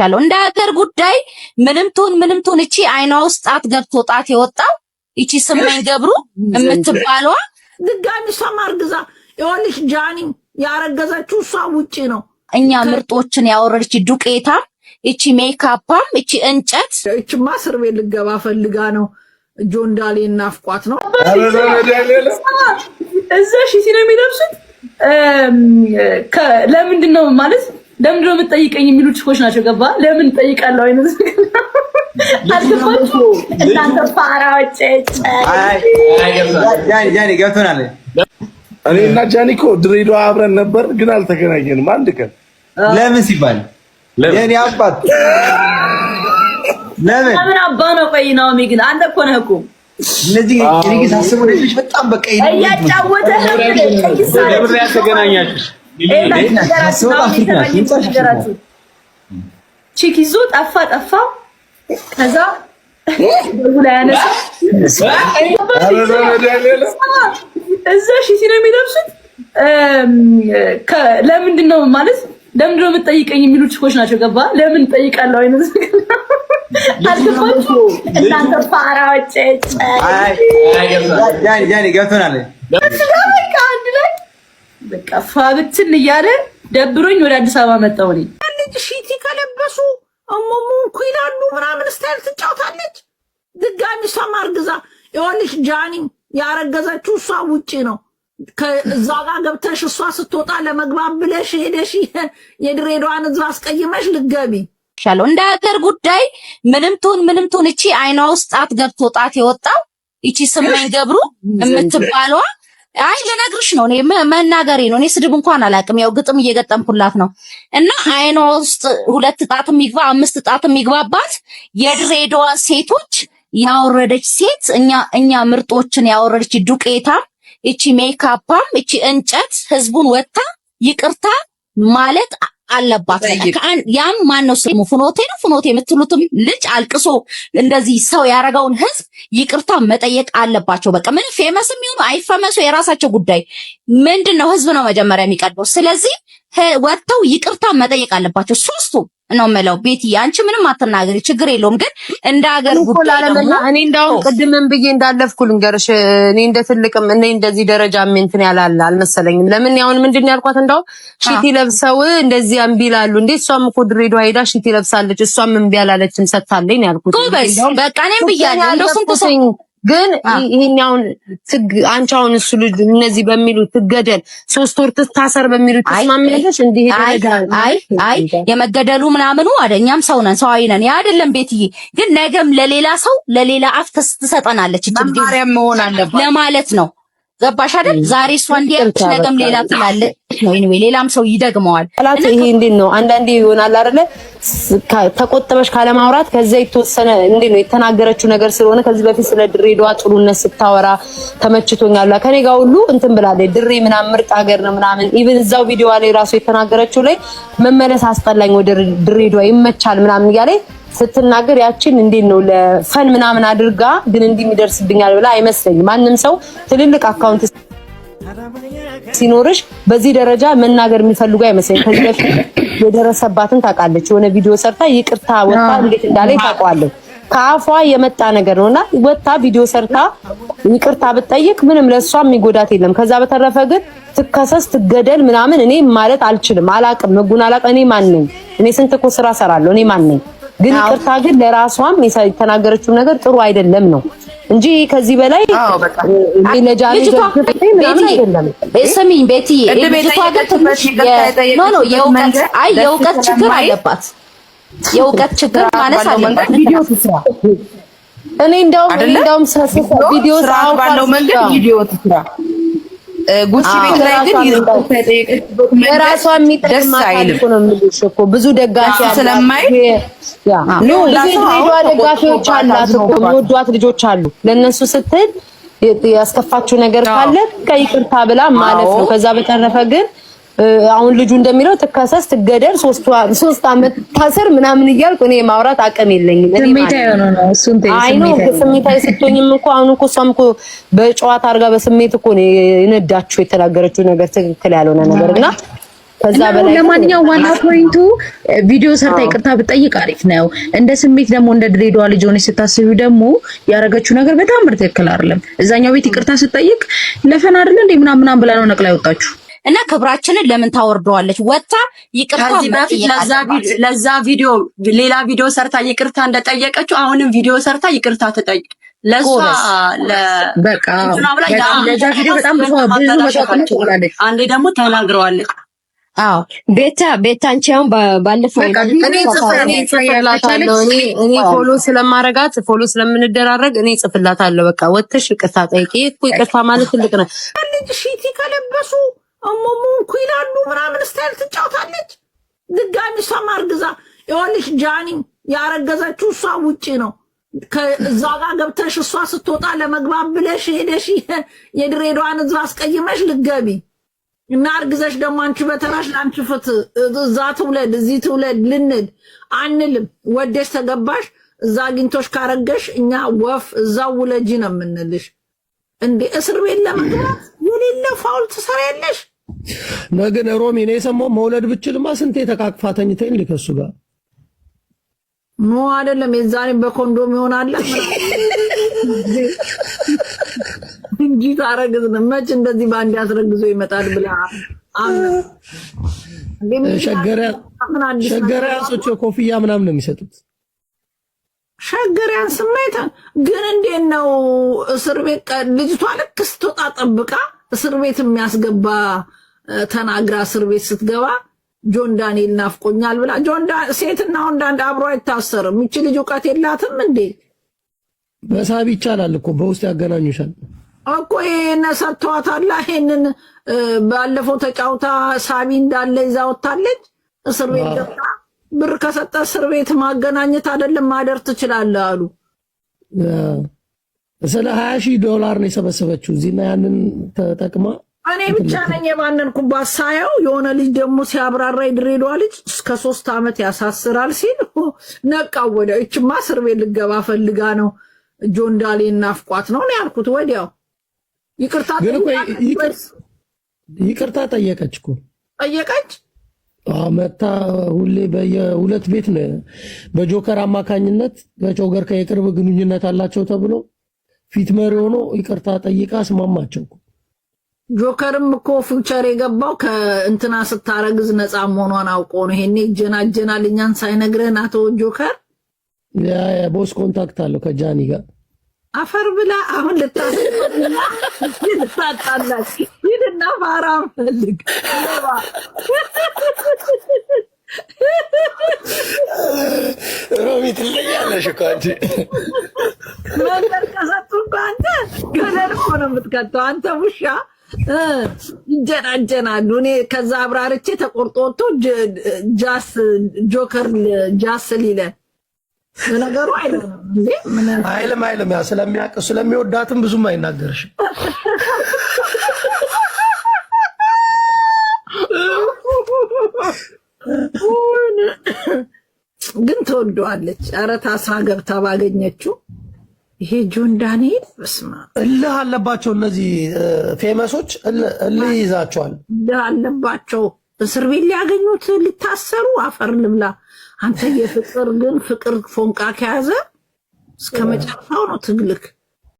ሰምቻለሁ። እንደ ሀገር ጉዳይ ምንም ትሁን ምንም ትሁን እቺ አይኗ ውስጥ ጣት ገብቶ ጣት የወጣው እቺ ስመኝ ገብሩ የምትባለዋ ድጋሚ ሰማር ግዛ ይኸውልሽ፣ ጃኒ ያረገዘችው እሷ ውጪ ነው። እኛ ምርጦችን ያወረድች ዱቄታም፣ እቺ ሜካፓም፣ እቺ እንጨት እቺማ እስር ቤት ልገባ ፈልጋ ነው። ጆንዳሌ እናፍቋት ነው። እዛ ሺቲ ነው የሚለብሱት። ለምንድን ነው ማለት ለምን ነው የምትጠይቀኝ የሚሉ ችኮች ናቸው። ገባ ለምን ጠይቃለሁ አይነት አልገባችሁ እናንተ ፋራዎች። ገብቶናል። እኔ እና ጃኒ እኮ ድሬዳዋ አብረን ነበር፣ ግን አልተገናኘንም አንድ ቀን። ለምን ሲባል የኔ አባት ለምን ለምን አባ ነው። ቆይ ነው ሚ ግን አንተ እኮ ነህ እኮ እነዚህ እኔ ግን ሳስበው በጣም በቃ ለምን ተገናኛችሁ ቺክ ይዞ ጠፋ ጠፋ። ከዛ ደውላ እዛ ሺ ሲነ የሚለብሱት ለምንድን ነው ማለት ለምንድን ነው የምትጠይቀኝ የሚሉ ችኮች ናቸው። ገባ ለምን ጠይቃለሁ አይነት አልገባችሁ እናንተ በቃ ፋብትን እያለ ደብሮኝ ወደ አዲስ አበባ መጣሁ። እኔ ልጅ ሺቲ ከለበሱ እሞሙንኩ ይላሉ ምናምን ስታይል ትጫውታለች። ድጋሚ እሷም አርግዛ ይኸውልሽ፣ ጃኒ ያረገዘችው እሷ ውጪ ነው። ከዛ ጋር ገብተሽ እሷ ስትወጣ ለመግባብ ብለሽ ሄደሽ የድሬዳዋን ህዝብ አስቀይመሽ ልገቢ ይሻለው። እንደ ሀገር ጉዳይ ምንም ትሁን ምንም ትሁን እቺ አይኗ ውስጥ ጣት ገብቶ ጣት የወጣው ይቺ ስመኝ ገብሩ የምትባለዋ አይ ልነግርሽ ነው። እኔ መናገሬ ነው። እኔ ስድብ እንኳን አላውቅም። ያው ግጥም እየገጠምኩላት ነው እና አይኗ ውስጥ ሁለት ጣት የሚግባ አምስት ጣት የሚግባባት የድሬዳዋ ሴቶች ያወረደች ሴት እኛ እኛ ምርጦችን ያወረደች ዱቄታም፣ እቺ ሜካፓም፣ እቺ እንጨት ህዝቡን ወታ ይቅርታ ማለት አለባት። ያም ማን ነው ስሙ? ፍኖቴ ነው ፍኖቴ የምትሉትም ልጅ አልቅሶ እንደዚህ ሰው ያደረገውን ህዝብ ይቅርታ መጠየቅ አለባቸው። በቃ ምን ፌመስ የሚሆኑ አይፈመሱ የራሳቸው ጉዳይ። ምንድን ነው ህዝብ ነው መጀመሪያ የሚቀድመው። ስለዚህ ወጥተው ይቅርታ መጠየቅ አለባቸው። ነው የምለው። ቤት አንቺ ምንም አትናገሪ፣ ችግር የለውም ግን እንደ ሀገር ጉዳይ ደግሞ እኔ እንዳውም ቅድምን ብዬ እንዳለፍኩ ልንገርሽ፣ እኔ እንደ ትልቅም እኔ እንደዚህ ደረጃ እንትን ያላል አልመሰለኝም። ለምን አሁን ምንድን ያልኳት፣ እንዳውም ሺቲ ለብሰው እንደዚህ እምቢ ይላሉ እንዴ? እሷም እኮ ድሬዳዋ ሄዳ ሺቲ ለብሳለች፣ እሷም እምቢ አላለችም፣ ሰጥታለኝ ያልኩት። በቃ እኔም ብያለሁ እንደው ስንት ሰው ግን ይሄኛውን ትግ አንቻውን እሱ ልጅ እነዚህ በሚሉ ትገደል ሶስት ወር ትታሰር በሚሉ ተስማምነሽ እንዲህ አይ አይ የመገደሉ ምናምኑ አደኛም ሰው ነን ሰው አይነን ያ አይደለም። ቤትዬ ግን ነገም ለሌላ ሰው ለሌላ አፍ ትሰጠናለች እንዴ ለማለት ነው። ገባሽ አይደል? ዛሬ እሷ እንዲያች ነገም ሌላ ትላለች። ነው ኢንዌ ሌላም ሰው ይደግመዋል። አላት ይሄ እንዴት ነው? አንዳንዴ ይሆናል አይደለ? ተቆጥበሽ ካለማውራት ከዛ የተወሰነ እንዴት ነው የተናገረችው ነገር ስለሆነ ከዚህ በፊት ስለ ድሬዳዋ ጥሩነት ስታወራ ተመችቶኛል፣ ከኔ ጋር ሁሉ እንትን ብላለች። ድሬ ምናምን ምርጥ ሀገር ነው ምናምን ኢቭን እዛው ቪዲዮ ላይ ራሱ የተናገረችው ላይ መመለስ አስጠላኝ፣ ወደ ድሬዳዋ ይመቻል ምናምን እያለ ስትናገር ያችን እንዴት ነው ለፈን ምናምን አድርጋ ግን እንዲህ የሚደርስብኛል ብላ አይመስለኝም ማንም ሰው ትልልቅ አካውንት ሲኖርሽ በዚህ ደረጃ መናገር የሚፈልጉ አይመስለኝ። ከዚህ በፊት የደረሰባትን ታውቃለች። የሆነ ቪዲዮ ሰርታ ይቅርታ ወጣ እንዴት እንዳለ ታውቀዋለች። ከአፏ የመጣ ነገር እና ወጣ ቪዲዮ ሰርታ ይቅርታ ብትጠይቅ ምንም ለእሷ የሚጎዳት የለም። ከዛ በተረፈ ግን ትከሰስ ትገደል ምናምን እኔ ማለት አልችልም። አላቅም ህጉን አላቅም። እኔ ማን ነኝ? እኔ ስንት እኮ ስራ ሰራለሁ። እኔ ማን ነኝ? ግን ይቅርታ ግን ለራሷም የተናገረችው ነገር ጥሩ አይደለም ነው እንጂ ከዚህ በላይ ስሚኝ ቤትዬ፣ ልጅቷ ግን ትንሽ የእውቀት ችግር አለባት። የእውቀት ችግር ማለት አለባት። እኔ እንደውም ቪዲዮ ባለው መንገድ ቪዲዮ ትስራ ጉቺ ቤት ላይ ግን የራሷ ብዙ ደጋፊ ስለማይ ደጋፊዎች አላት እኮ የሚወዷት ልጆች አሉ። ለእነሱ ስትል ያስከፋችው ነገር ካለ ከይቅርታ ብላ ማለት ነው። ከዛ በተረፈ ግን አሁን ልጁ እንደሚለው ትከሰስ፣ ትገደል፣ ሶስት ዓመት ታስር ምናምን እያልኩ እኔ ማውራት አቅም የለኝም። አይ ነው ስሜታዊ ስትሆኝም እኮ አሁን እኮ እሷም እኮ በጨዋታ አድርጋ በስሜት እኮ የነዳችሁ የተናገረችው ነገር ትክክል ያልሆነ ነገር እና ከዛ በላይ ለማንኛውም ዋና ፖይንቱ ቪዲዮ ሰርታ ይቅርታ ብጠይቅ አሪፍ ነው። እንደ ስሜት ደግሞ እንደ ድሬዳዋ ልጅ ሆነች ስታስቢ ደግሞ ያደረገችው ነገር በጣም ትክክል አይደለም። እዛኛው ቤት ይቅርታ ስጠይቅ ለፈን አይደለ እንዴ ምናምን ብላ ነው ነቅላ ያወጣችሁ። እና ክብራችንን ለምን ታወርደዋለች? ወታ ይቅርታ ለዛ ቪዲዮ ሌላ ቪዲዮ ሰርታ ይቅርታ እንደጠየቀችው አሁንም ቪዲዮ ሰርታ ይቅርታ ተጠይቅ። ለሷ በቃ አንዴ ደግሞ ተናግረዋለች። አዎ ቤታ ቤታ አንቺ አሁን ባለፈው እኔ ፎሎ ስለማረጋት ፎሎ ስለምንደራረግ እኔ ጽፍላታለሁ። በቃ ወጥተሽ ይቅርታ ጠይቂ። ይቅርታ ማለት ትልቅ ነው። ሺቲ ከለበሱ እሞሙንኩ ይላሉ ምናምን ስታይል ትጫወታለች። ድጋሚ እሷም አርግዛ ይኸውልሽ፣ ጃኒ ያረገዘችው እሷ ውጪ ነው። ከዛ ጋር ገብተሽ እሷ ስትወጣ ለመግባት ብለሽ ሄደሽ የድሬዳዋን ሕዝብ አስቀይመሽ ልገቢ እና አርግዘሽ ደግሞ አንቺ በተራሽ ለአንቺ ፍት እዛ ትውለድ እዚህ ትውለድ ልንል አንልም። ወደሽ ተገባሽ እዛ አግኝቶሽ ካረገሽ እኛ ወፍ እዛው ውለጂ ነው የምንልሽ። እንዴ እስር ቤት ለመግባት የሌለ ፋውል ትሰራ የለሽ ነገን ሮሚ ነው የሰማው። መውለድ ብችልማ ስንቴ ተቃቅፋ ተኝተኝ ልከሱ ጋር ኖ አይደለም። የዛኔ በኮንዶም ይሆናል እንጂ ታረግዝ መች እንደዚህ በአንድ አስረግዞ ይመጣል ብላ ኮፍያ ምናምን ነው የሚሰጡት። ሸገሪያን ግን እንዴት ነው እስር ቤት ልጅቷ ልክ ስትወጣ ጠብቃ እስር ቤት የሚያስገባ ተናግራ እስር ቤት ስትገባ ጆን ዳንኤል ናፍቆኛል ብላ ሴትና ወንድ አንድ አብሮ አይታሰርም። ይቺ ልጅ እውቀት የላትም እንዴ? መሳብ ይቻላል እኮ በውስጥ ያገናኙሻል እኮ ይሄን ሰጥተዋታላ። ይህንን ባለፈው ተጫውታ ሳቢ እንዳለ ይዛ ወታለች። እስር ቤት ገብታ ብር ከሰጠ እስር ቤት ማገናኘት አይደለም ማደር ትችላለህ አሉ። ስለ ሀያ ሺህ ዶላር ነው የሰበሰበችው እዚህና ያንን ተጠቅማ እኔ ብቻ ነኝ የባነን ኩባት ሳየው። የሆነ ልጅ ደግሞ ሲያብራራ የድሬዳዋ ልጅ እስከ ሶስት ዓመት ያሳስራል ሲል ነቃ። ወደ እችማ እስር ቤት ልገባ ፈልጋ ነው ጆንዳሌ እናፍቋት ነው ያልኩት። ወዲያው ይቅርታ ይቅርታ ጠየቀች እኮ ጠየቀች። መታ ሁሌ በየሁለት ቤት በጆከር አማካኝነት ከጮገር ከየቅርብ ግንኙነት አላቸው ተብሎ ፊት መሪ ሆኖ ይቅርታ ጠይቃ አስማማቸው እኮ ጆከርም እኮ ፊውቸር የገባው ከእንትና ስታረግዝ ነፃ መሆኗን አውቆ ነው። ይሄኔ ይጀናጀናል እኛን ሳይነግረን። አቶ ጆከር ቦስ ኮንታክት አለው ከጃኒ ጋር። አፈር ብላ አሁን ልታጣላት ይድና ፋራ ፈልግ ሮሚ ትለያለሽ እኮ አንቺ መንደር ከሰጡ እኮ አንተ ገደል እኮ ነው የምትከተው አንተ ውሻ ይጀናጀናሉ። እኔ ከዛ አብራርቼ ተቆርጦ ወጥቶ ጃስ ጆከር ጃስ ሊለ ነገሩ አይልም አይልም። ያ ስለሚያውቅ ስለሚወዳትም ብዙም አይናገርሽም። ግን ትወደዋለች ኧረ ታስራ ገብታ ባገኘችው ይሄ ጆን ዳንኤል ስማ፣ እልህ አለባቸው። እነዚህ ፌመሶች እልህ ይይዛቸዋል። እልህ አለባቸው። እስር ቤት ሊያገኙት ሊታሰሩ፣ አፈር ልብላ። አንተ የፍቅር ግን ፍቅር ፎንቃ ከያዘ እስከ መጨረሻው ነው ትግልክ።